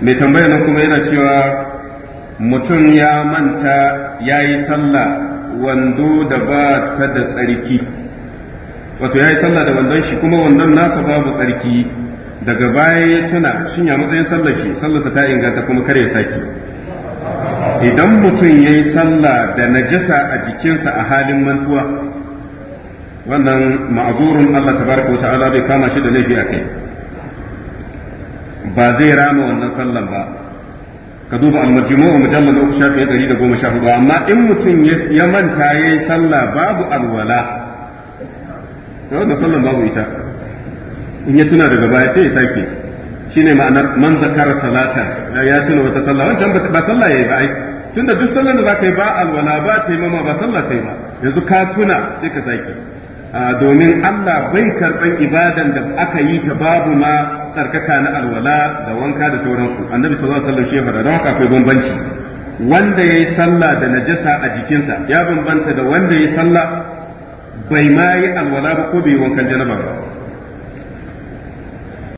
mai tambaya nan kuma yana cewa mutum ya manta ya yi sallah wando da ba ta da tsarki wato ya yi sallah da wandon shi kuma wandon nasa babu tsarki daga baya ya tuna shin ya matsayin sallah shi sallarsa ta inganta kuma kare ya sake idan mutum ya yi sallah da najasa a jikinsa a halin mantuwa wannan ma'azurin Allah Ta baraka wa ta'ala bai kama shi da laifi a kai ba zai rama wannan sallan ba ka duba al-majmu' mujallal uku shafi hudu amma in mutum ya manta ya yi sallah babu alwala wannan sallan babu ita in ya tuna daga baya sai ya sake ne ma'anar man zakara salata ya tuna wata sallah wancan ba sallah yi ba ai tunda duk sallar da ka yi ba alwala ba taimama ba sallah yi ba yanzu ka tuna sai ka sake domin Allah bai karɓar ibadan da aka yi ta babu ma tsarkaka na alwala da wanka da sauransu annabi sallallahu alaihi wasallam shi faɗa don haka akwai bambanci wanda yayi sallah da najasa a jikinsa ya bambanta da wanda yayi sallah bai ma yi alwala ba ko bai wankan janaba ba